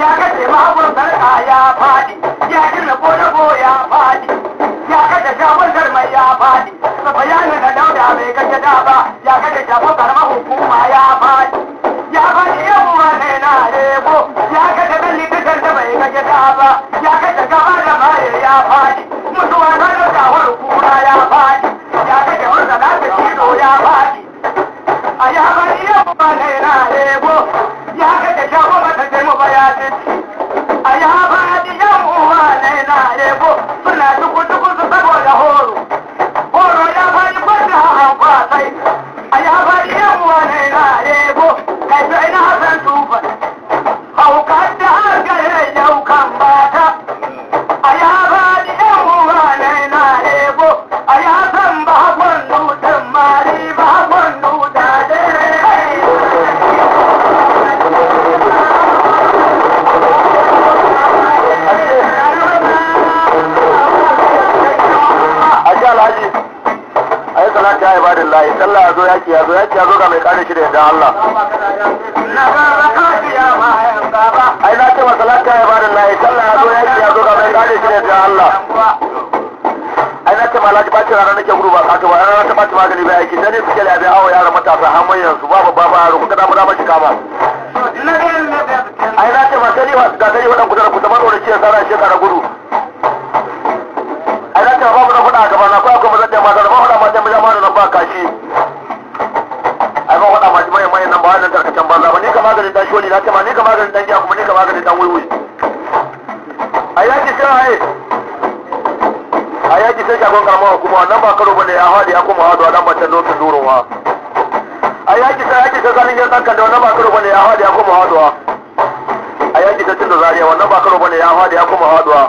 ya kace mahabbar sarka ya faɗi ya kirna ko ya faɗi ya kace shafin zarmai ya faɗi da bayanin da dauda bai kace da ba ya kace shafin karma hukuma ya faɗi ya faɗi yabuwa ne na lebo ya kace bin likitar da bai kace da ba ya kace gaba da maye ya faɗi mutuwa ta da shawar kuna ya faɗi ya kace wanda na ta ya faɗi a ya faɗi yabuwa ne na lebo Allah ya zo yaki ya zo yaki ya zo ga mai kare shi da yadda Allah ai na ce lafiya ya bada layi talla ya zo ya zo ga mai kare shi da yadda Allah ai na ce ma ba ce rana nake gudu ba ta ba rana ta ba magani ba aiki, sai ne suke da abin hawa yaran matasa har yanzu babu babu yaro kuka damu damu shi kama ai na ce ma masani wasu ga gari wadan kudura ku tabar wani ce sana shi gudu ai na ce babu na faɗa a gaba na ko akwai mazan da mazan ba ma da mazan da na maganin tarkacen banza ba ne ka maganin dan shoni na ce ma ni ka maganin dan giya kuma ne ka maganin dan wuri a yaki sai haye a yaki sai shagon karamar hukuma wannan ba karo bane ya haɗe ya kuma haɗu a dan bantan lokacin durowa a yaki sai yaki sai zanen yin ɗanka da wannan ba karo bane ya haɗe ya kuma haɗuwa a yaki sai cin da zariya wannan ba karo bane ya haɗe ya kuma haɗuwa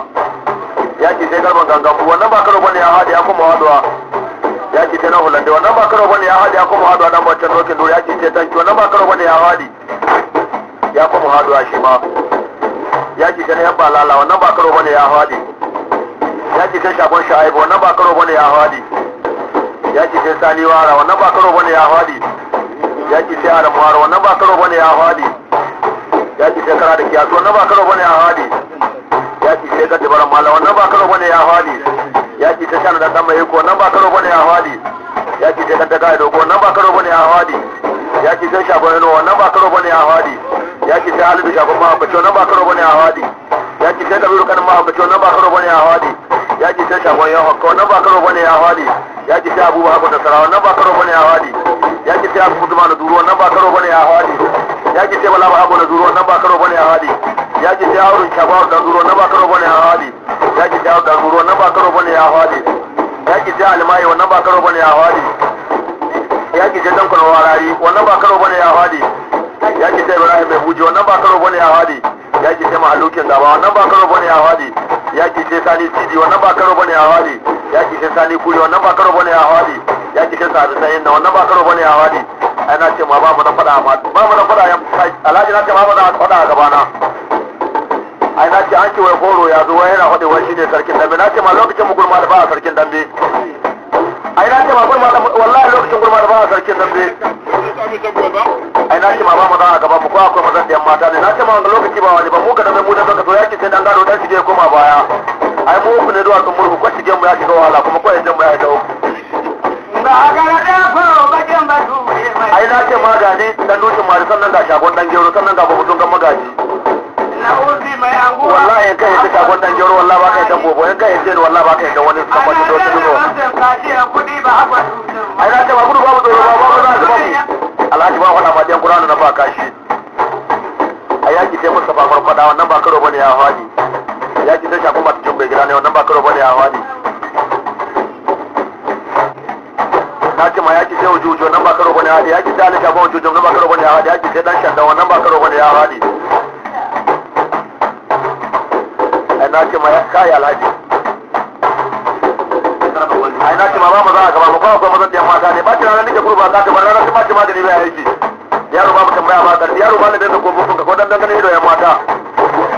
yaki sai garban gangan wannan ba karo bane ya haɗe ya kuma haɗuwa ya ce ta na hulande wannan ba karo bane ya hadi ya kuma hadu a wancan dokin do ya ce ta tanki wannan ba karo bane ya hadi ya kuma a shi ma ya ce ta na yabba lala wannan ba karo bane ya hadi ya ce ta shagon ba wannan ba karo bane ya hadi ya ce ta sani wara wannan ba karo bane ya hadi ya ce ta adam wara wannan ba karo bane ya hadi ya ce ta kara da kiyasu wannan ba karo bane ya hadi ya ce ta gadi baran mala wannan ba karo bane ya hadi. yaki ta shanu da kama yiko nan ba karo bane a hadi yaki ta kanta kai dogo nan ba karo bane a hadi yaki ta shagon yano nan ba karo bane a hadi yaki ta alibi shagon ma to nan ba karo bane a hadi yaki ta dabiru kan ma to nan ba karo bane a hadi yaki ta shagon ya ko nan ba karo bane a hadi yaki ta abubuwa hakon da sarawa nan ba karo bane a hadi yaki ta abubuwa kuma da duro nan ba karo bane a hadi yaki ta bala ba hakon da duro nan ba karo bane a hadi yaki ta aurin shagon da duro nan ba karo bane a hadi ya ki jawo garu wannan ba karo bane ya hwade ya ki ja almai wannan ba karo bane ya hwade ya ki ja dankon warari wannan ba karo bane ya hwade ya ki ja ibrahim mai huji wannan ba karo bane ya hwade ya ki ja mahalukin ba wannan ba karo bane ya hwade ya ki ja sani sidi wannan ba karo bane ya hwade ya ki ja sani kuri wannan ba karo bane ya hwade ya ki ja sabi sayin na wannan ba karo bane ya hwade ana ce ma ba mu na fada ma ba mu na ya alhaji na ce ba na fada a gabana na ce an ce wai goro ya zo wai yana faɗi shi ne sarkin dambe na ce ma lokacin mu gurma da ba a sarkin dambe ai na ce ma gurma da wallahi lokacin gurma da ba a sarkin dambe ai na ce ma ba mu a gaba mu ko akwai mazan da mata ne na ce ma wanda lokaci ba wani ba mu ka dambe mu da ka zo yaki sai dan gado dan shige koma baya ai mu ku ne zuwa kan murhu ko shige mu ya shiga wahala kuma ko yanzu mu ya shiga ba ai na ce ma gani dan dutsen mari sannan ga shagon dan gero sannan ga tun kan magaji wallahi in kai yadda kagon dan jaro wallahi baka yadda gobo in yanzu yadda wallahi baka yadda wani kamar da wata nuno ai na ce ba gudu babu tsoro ba ba za su babu alhaji ba faɗa fadiyan kuranu na ba kashi a yaki sai musa ba farfada wannan ba karo bane ya hadi yaki sai shakun ba cikin bai gida ne wannan ba karo bane ya hadi na ce ma yaki sai wujujo nan ba karo bane ya hadi yaki sai alika ba wujujo nan ba karo bane ya hadi yaki sai dan shanda wannan ba karo bane ya hadi na ce ma kai alhaji ai na ce ma ba mu za a gaba mu kawai mazan da mata ne ba ki ranar nake kurba za ta ba ranar ma ce ma da ni bai aiki yaro ba mu tambaya ba karfi yaro ba ne da ko bukun ka ko dan dangane da yan mata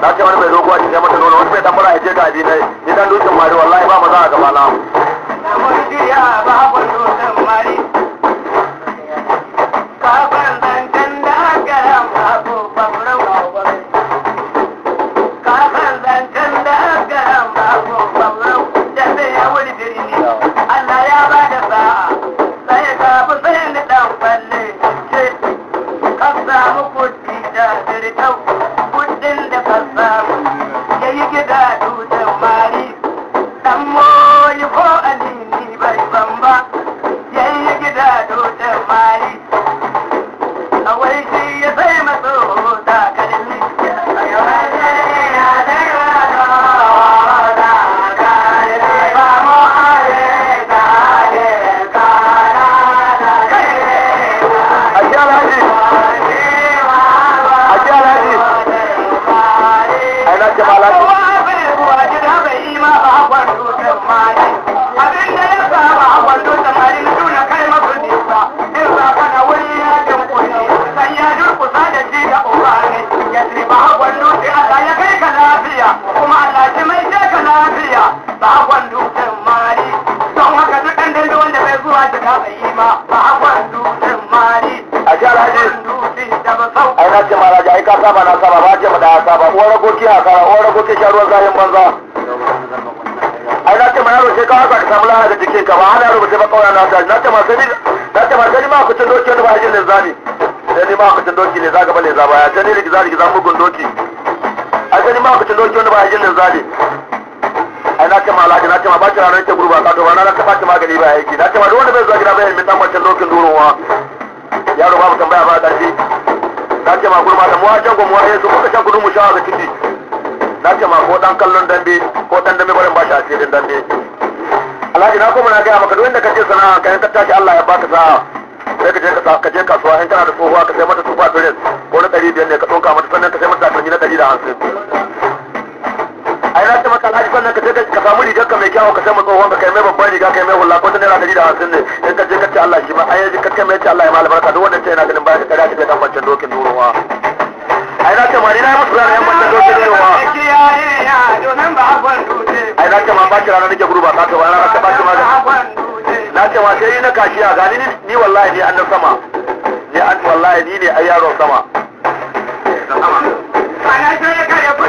na ce wani bai zo kuwa shi ne mata nono wani bai dan mara aje ka abi dai ni dan dukin mari wallahi ba mu za a gaba na mu ta saba na saba ba ce mu da saba uwar ragoki a kara uwar ragoki sha ruwan zahin banza ai na ce ma yaro ka haka ka samu lahana da jikin ka ba hana rubuce ba kawai na tashi na ce ma sani na ce ma sani ma ku cin doki wani ba hajjin linzami sai ni ma ku cin doki ne za gaba ne za baya ta ne rigiza rigiza mugun doki ai sani ma ku cin doki wani ba hajjin linzami ai na ce ma alhaji na ce ma ba ci ranar ke gurba ka dubana na ta ba ci magani ba aiki na ce ma duk wanda bai zuwa gida bai mai dan wancan dokin durowa yaro babu tambaya ba a shi na ce ma gurma da muwa shago muwa yesu kuka sha kudu mu sha ga kiti na ce ma ko dan kallon dambe ko dan dambe barin ba shi asirin dambe alhaji na kuma na gaya maka duk inda ka ce sana'a ka ka tashi Allah ya baka sa'a sai ka je ka je kasuwa in kana da tsohuwa ka sai mata tufa dress ko na ɗari biyar ne ka tsoka mata sannan ka sai mata takalmi na ɗari da hansu sannan ka je ka samu rigar ka mai kyawu ka samu tsohon ka kai mai babban riga kai mai hula ko ta naira ɗari da hamsin ne sai ka je ka ce Allah shi ba ai yaji ka kai mai ce Allah ya malama ka duk wannan ce yana ganin ba ka kada shi da kan wancan dokin durowa ai na ce ma ni na yi musu ranar yan wancan dokin durowa ai na ce ma ba ki ranar nake guru ba ka ta wani ranar ka ba ki ma na ce ma sai na kashiya gani ni wallahi ni an na sama ni an wallahi ni ne ai yaron sama. Ana ce ka da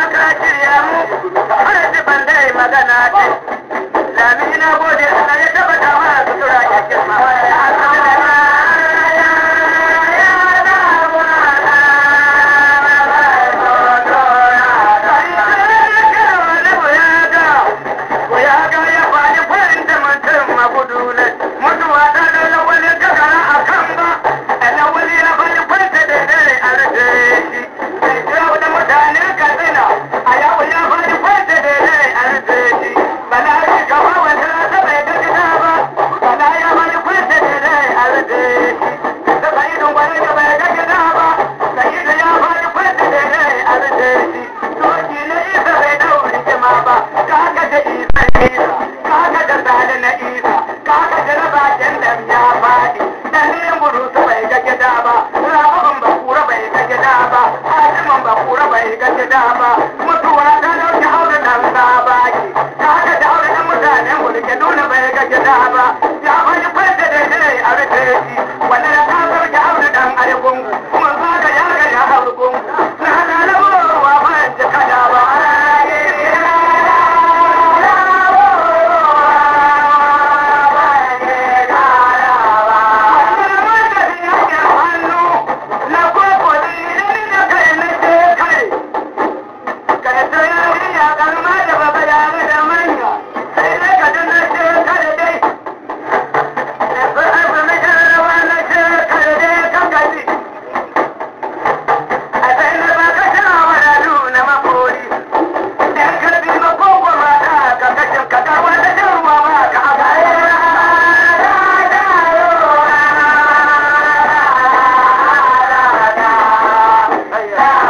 Sacra da te dava Yeah.